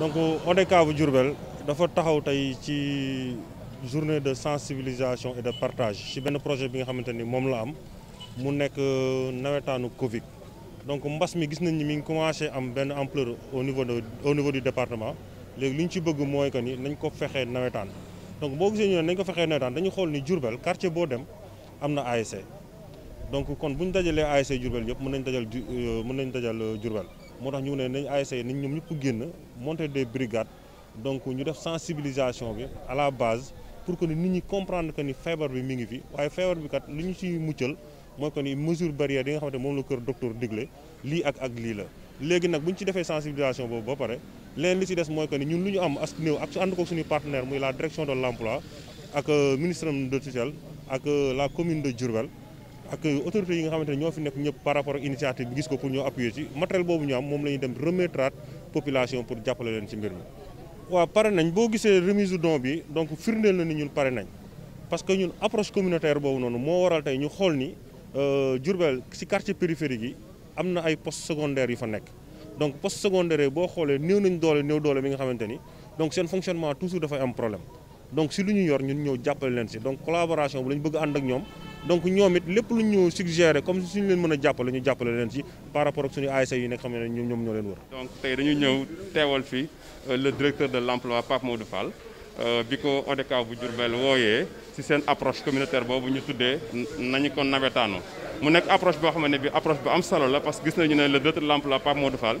donc ODCAV Diourbel dafa taxaw tey ci journée de sensibilisation et de partage ci benn projet bi nga xamante ni moom la am mu nekk euh, nawetaanu Covid donc mbas mi gis nañ ni mi commencé am benn ampleur au niveau de au niveau du département léegi li ñu ci bëgg mooy que ni nañ ko fexee nawetaan donc boo gisee ñu ne nañ ko fexee nawetaan dañu xool ni Diourbel quartier boo dem am ASC donc kon bu ñu dajalee ASC Diourbel yëpp mën nañ dajal euh, mën nañ dajal euh, Diourbel moo tax ñu ne nañ ASC nañ ñoom ñëpp génn monter des brigades donc ñu def sensibilisation bi à la base pour que nit ñi comprendre que ni feebar bi mi ngi fi waaye feebar bi kat li ñu ci muccal mooy que ni mesure barrière yi nga xamante moom la kër docteur digle lii ak ak lii la. léegi nag buñ ci defee sensibilisation boobu ba pare leneen li ci des mooy que ni ñun lu ñu am as néew ak ànd ko suñu partenaire muy la direction de l' emploi ak euh, ministre de tutelle ak euh, la commune de Diourbel. ak autorité yi nga xamante ne ñoo fi nekk ñëpp par rapport ak initiative bi gis ko pour ñoo appuyer ci matériel boobu ñu am moom la dem remettre population pour jàppale leen ci mbir mi. waaw pare nañ boo gisee remise don bi donc firndeel na ni ñun pare nañ parce que ñun approche communautaire boobu noonu moo waral tey ñu xool ni euh, Diourbel ci quartier périphérique yi am na ay postes secondaires yu fa nekk. donc poste secondaire yi boo xoolee néew nañ doole néew doole bi nga xamante ni donc seen fonctionnement toujours dafay am problème donc si lu ñu ñun ñëw jàppale leen si donc collaboration bu lañ bëgg ànd ak ñoom. donc ñoom it lépp lu ñu suggéré comme suñu leen mën a jàppale ñu jàppale leen ci par rapport ak suñu ASA yi nekk xam ne ñoom ñoo leen wër. donc tey dañu ñëw teewal fi euh, le directeur de l' emploi Pape Modou Fall euh, bi ko ODCAV bu Diourbel wooyee si seen approche communautaire boobu ñu tuddee nañu ko nawetaanoo mu nekk approche boo xam ne bi approche bu am solo la parce que gis nañu ne le directeur de l' emploi Pape Modou Fall.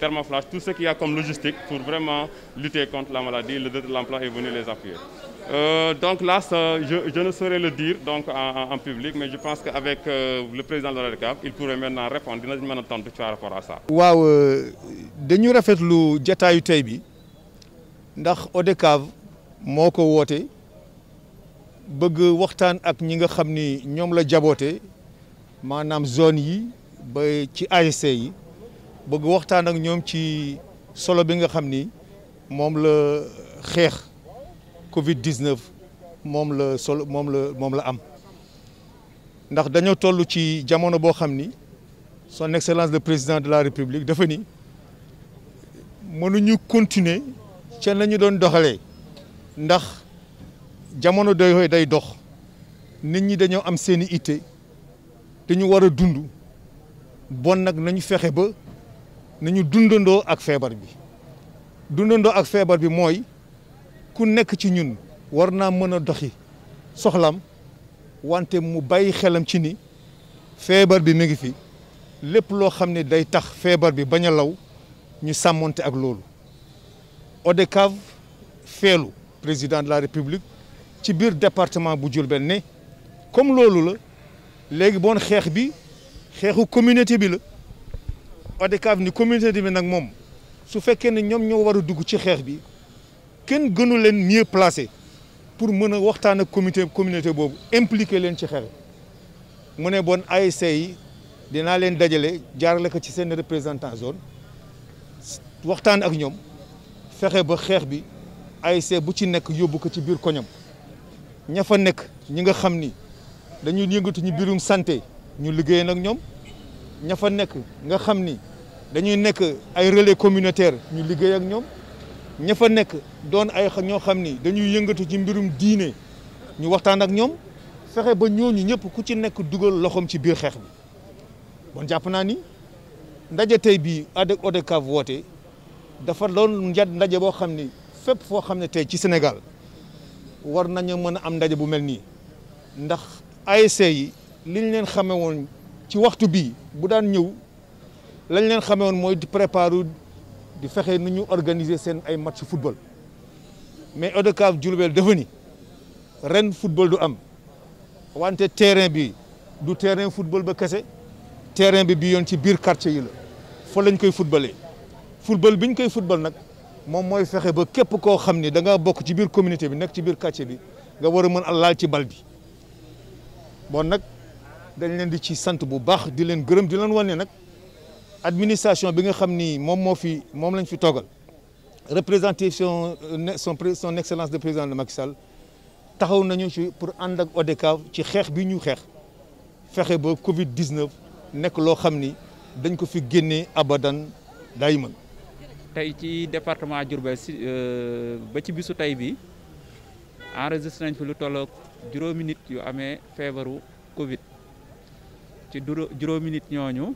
thermoflash, tout ce qu'il y a comme logistique pour vraiment lutter contre la maladie. Le de l'emploi est venu les appuyer. Euh, donc là, je, je, ne saurais le dire donc, en, public, mais je pense qu'avec euh, le président de la il pourrait maintenant répondre. Il n'y a pas de par rapport à ça. Wow, euh, nous avons fait le Jeta Utaibi. ndax que moo ko woote bëgg waxtaan ak ñi nga xamni ñom la jaboté manam zone yi ba ci ASC yi bëgg waxtaan ak ñoom ci solo bi nga xam ni moom la xeex Covid 19 moom la solo moom la moom la am ndax dañoo toll ci jamono boo xam ni son excellence le président de la république dafa ni mënuñu continuer ca nañu doon doxalee ndax jamono doy day dox nit ñi dañoo am seen ité dañu war a dund bon nag nañu fexe ba nous dundendo ak febar bi dundendo ak febar bi moy ku nekk ci ñun warna mëna doxi soxlam wante mu bay xelam ci ni febar bi ngi fi lepp lo xam ne day tax febar bi baña law ñu samonté ak loolu odekav président de la république ci biir département bu Diourbel ne comme loolu la légui bon bi communauté bi la ODCAV ni communauté bi nag moom su fekkee ne ñoom ñoo war a dugg ci xeex bi kenn gënu leen mieux placé pour mën a waxtaan ak comité communauté boobu impliqué leen ci xeex mu ne bon ASC yi dinaa leen dajale jaarale ko ci seen représentant zone waxtaan ak ñoom fexe ba xeex bi ay ASC bu ci nekk yóbbu ko ci biir koñom ña fa nekk ñi nga xam ni dañuy yëngatu ñu biirum santé ñu liggéey nag ñoom ña fa nekk nga xam ni dañuy nekk ay relais communautaire ñu liggéey ak ñoom ña fa nekk doon ay ñoo xam ni dañuy yëngatu ci mbirum diine ñu waxtaan ak ñoom fexe ba ñooñu ñëpp ku ci nekk dugal loxoom ci biir xeex bi bon jàpp naa ni ndaje tey bii ade ODCAV woote dafa doon njat ndaje boo xam ni fépp foo xam ne tey ci Sénégal war nañu mën a am ndaje bu mel nii ndax ASC yi liñ leen xame ci waxtu bii bu daan ñëw lañ leen xamee woon mooy di préparer di fexe nu ñu organiser seen ay match football mais ODCAV Diourbel dafa ni ren football du am wante terrain bi du terrain football ba kese terrain bi bi yoon ci biir quartier yi la fa lañ koy footballee football bi ñu koy football nag moom mooy fexe ba képp koo xam ni da nga bokk ci biir communauté bi nekk ci biir quartier bi nga war a mën a laal ci bal bi bon nag. dañ leen di ci sante bu baax di leen gërëm di leen wan nak administration bi nga xamni mom mo fi mom lañ fi togal représentation euh, son son excellence de président de Macky Sall taxaw nañu ci pour ànd ak ODCAV ci xex bi ñu xex fexé ba Covid 19 nek lo xamni dañ ko fi génné abadan daay tay ci département Djourbe euh ba ci bisu tay bi enregistré nañ fi lu tollook juróomi nit yu amee feebaru Covid. ci juroomi nit ñooñu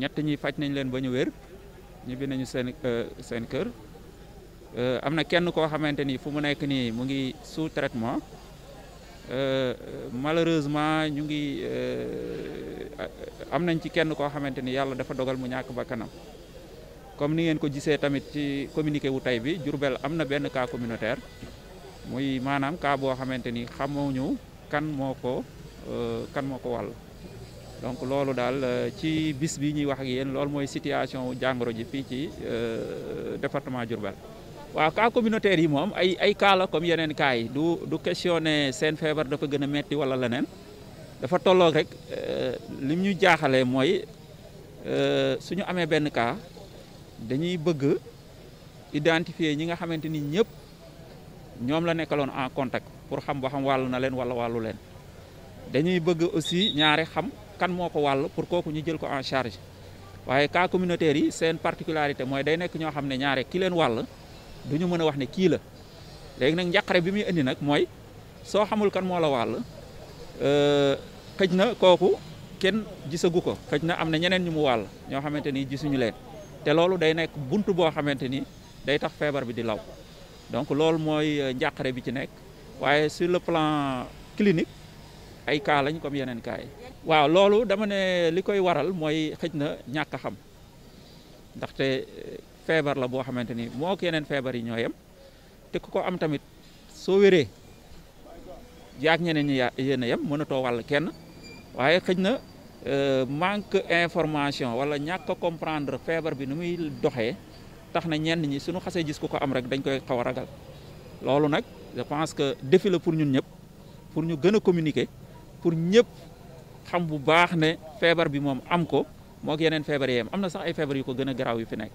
ñett ñi faj nañ leen ba ñu wér bi nañu seen euh, seen kër euh, am na kenn koo xamante ni fu mu nekk nii mu ngi sous traitement euh, malheureusement ñu ngi am nañ ci kenn koo xamante ni yàlla dafa dogal mu ñàkk kanam comme ni ngeen ko gisee tamit ci communiqué wu tey bi jurbel am na benn cas communautaire muy maanaam cas boo xamante ni xamuñu kan moo ko kan moo ko wàll donc loolu daal euh, ci bis bi ñuy wax ak yéen loolu mooy situation jàngoro ji fii ci euh, département Diourbel waaw cas communautaire yi moom ay ay cas la comme yeneen kaa yi du du question seen feebar dafa gën a metti wala leneen dafa tolloog rek euh, lim ñu jaaxalee mooy suñu amee benn kaa dañuy bëgg identifier ñi nga xamante ni ñëpp ñoom la nekkaloon en contact pour xam ba xam wàllu na leen wala wàllu leen dañuy bëgg aussi ñaari xam kan moo ko wàll pour kooku ñu jël ko en charge waaye cas communautaire yi seen particularité mooy day nekk ñoo xam ne ñaare ki leen wàll du ñu mën a wax ne kii la léegi nag njàqare bi muy indi nag mooy soo xamul kan moo la wàll euh, xëj na kooku kenn gisagu ko xëj na am na ñeneen ñu mu wàll ñoo xamante ni gisuñu leen te loolu day nekk bunt boo xamante ni day tax feebar bi di law donc loolu mooy euh, njàqare bi ci nekk waaye sur le plan clinique ay cas lañ comme yeneen cas waaw loolu dama ne li koy waral mooy xëj na ñàkk xam ndaxte eh, feebar la boo xamante ni moo keneen feebar yi ñoo yem te ku ko am tamit soo wéree yaag ñeneen ñi yéen a yem mënatoo wàll kenn waaye xëj na eh, manque information wala ñàkk comprendre feebar bi nu muy doxee tax na ñenn ñi sunu xasee gis ku ko am rek dañ koy xaw a ragal loolu nag je pense que défi pour ñun ñëpp pour ñu gën a communiquer pour ñëpp xam bu baax ne feebar bi moom am ko moo ko yeneen feebar yi am na sax ay feebar yu ko gën a garaaw yu fi nekk